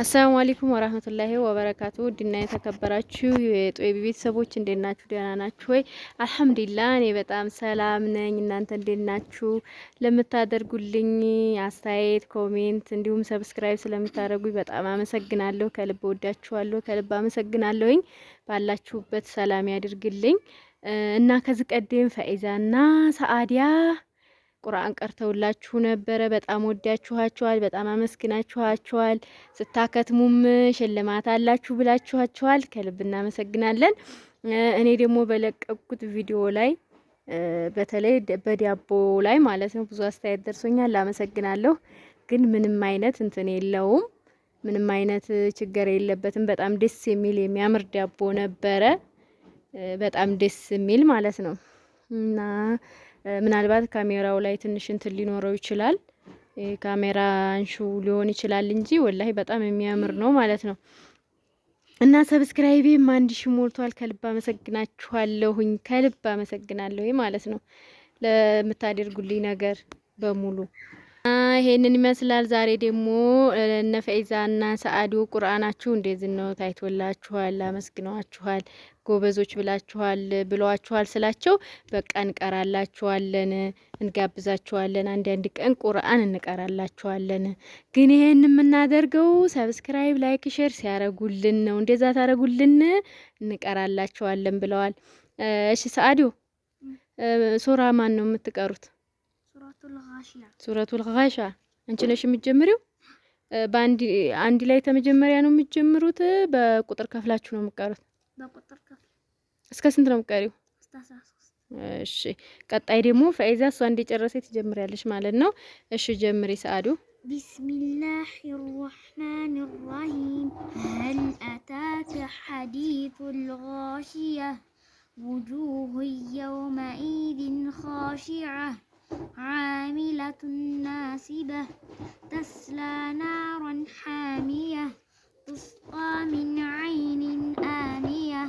አሰላሙ አለይኩም ወራህመቱላሂ ወበረካቱ ውድና የተከበራችሁ የጦቢ ቤተሰቦች እንዴት ናችሁ? ደህና ናችሁ ወይ? አልሐምዱሊላህ እኔ በጣም ሰላም ነኝ። እናንተ እንዴት ናችሁ? ለምታደርጉልኝ አስተያየት፣ ኮሜንት እንዲሁም ሰብስክራይብ ስለምታደርጉኝ በጣም አመሰግናለሁ። ከልብ ወዳችኋለሁ። ከልብ አመሰግናለሁኝ። ባላችሁበት ሰላም ያድርግልኝ እና ከዚህ ቀደም ፈኢዛና ሰአዲያ ቁርአን ቀርተውላችሁ ነበረ። በጣም ወዳችኋቸዋል፣ በጣም አመስግናችኋቸዋል። ስታከትሙም ሽልማት አላችሁ ብላችኋቸዋል። ከልብ እናመሰግናለን። እኔ ደግሞ በለቀቁት ቪዲዮ ላይ በተለይ በዳቦ ላይ ማለት ነው ብዙ አስተያየት ደርሶኛል። አመሰግናለሁ። ግን ምንም አይነት እንትን የለውም፣ ምንም አይነት ችግር የለበትም። በጣም ደስ የሚል የሚያምር ዳቦ ነበረ፣ በጣም ደስ የሚል ማለት ነው እና ምናልባት ካሜራው ላይ ትንሽ እንትን ሊኖረው ይችላል። ካሜራ አንሹ ሊሆን ይችላል እንጂ ወላሂ በጣም የሚያምር ነው ማለት ነው። እና ሰብስክራይቤም አንድ ሺ ሞልቷል። ከልብ አመሰግናችኋለሁኝ። ከልብ አመሰግናለሁ ማለት ነው ለምታደርጉልኝ ነገር በሙሉ ይሄንን ይመስላል። ዛሬ ደግሞ እነ እና ሰአዱ ቁርአናችሁ እንደዚህ ነው ታይቶላችኋል፣ አመስግነዋችኋል፣ ጎበዞች ብላችኋል ብለዋችኋል ስላቸው በቃ እንቀራላችኋለን፣ እንጋብዛችኋለን፣ አንዳንድ ቀን ቁርአን እንቀራላችኋለን። ግን ይሄን የምናደርገው ሰብስክራይብ፣ ላይክ፣ ሼር ሲያረጉልን ነው። እንደዛ ታረጉልን እንቀራላችኋለን ብለዋል። እሺ ሰአዱ ሶራ ማን ነው የምትቀሩት? ሱረቱል ጋሻ አንቺ ነሽ የምትጀምሪው። በአንድ አንድ ላይ ተመጀመሪያ ነው የምትጀምሩት? በቁጥር ከፍላችሁ ነው የምትቀሩት? በቁጥር ከፍል። እስከ ስንት ነው የምትቀሪው? እሺ፣ ቀጣይ ደግሞ ፈይዛ እሷ እንደጨረሰ ትጀምሪያለሽ ማለት ነው። እሺ ጀምሪ ሰአዱ። ቢስሚላህ ራህማን ራሂም ሀል አታከ ሐዲቱል ጋሺያ ውጁህ የውመኢዝን ኻሺዓ صاخلة ناصبة تسلى نارا حامية تسقى من عين آنية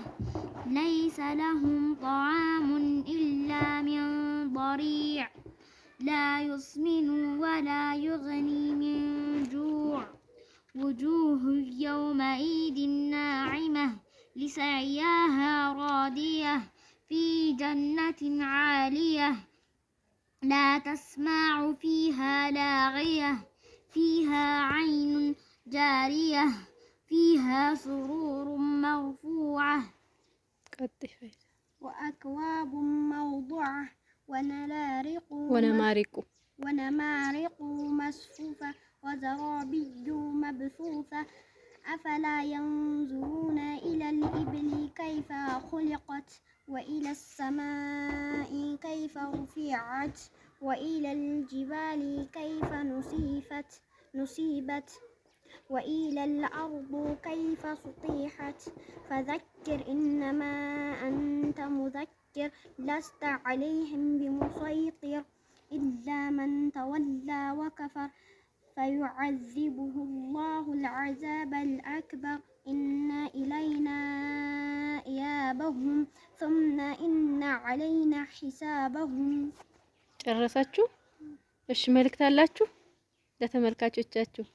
ليس لهم طعام إلا من ضريع لا يسمن ولا يغني من جوع وجوه يومئذ ناعمة لسعياها راضية في جنة عالية لا تسمع فيها لاغية فيها عين جارية فيها سرور مرفوعة وأكواب موضوعة ونمارق ونمارق ونمارق مصفوفة وزرابي مبثوثة أفلا ينظرون إلى الإبل كيف خلقت وإلى السماء كيف رفعت وإلى الجبال كيف نصيفت نصيبت وإلى الأرض كيف سطيحت فذكر إنما أنت مذكر لست عليهم بمسيطر إلا من تولى وكفر فيعذبه الله العذاب الأكبر إن إلينا إيابهم ثم إن علينا حسابهم ጨረሳችሁ? እሺ መልእክት አላችሁ ለተመልካቾቻችሁ?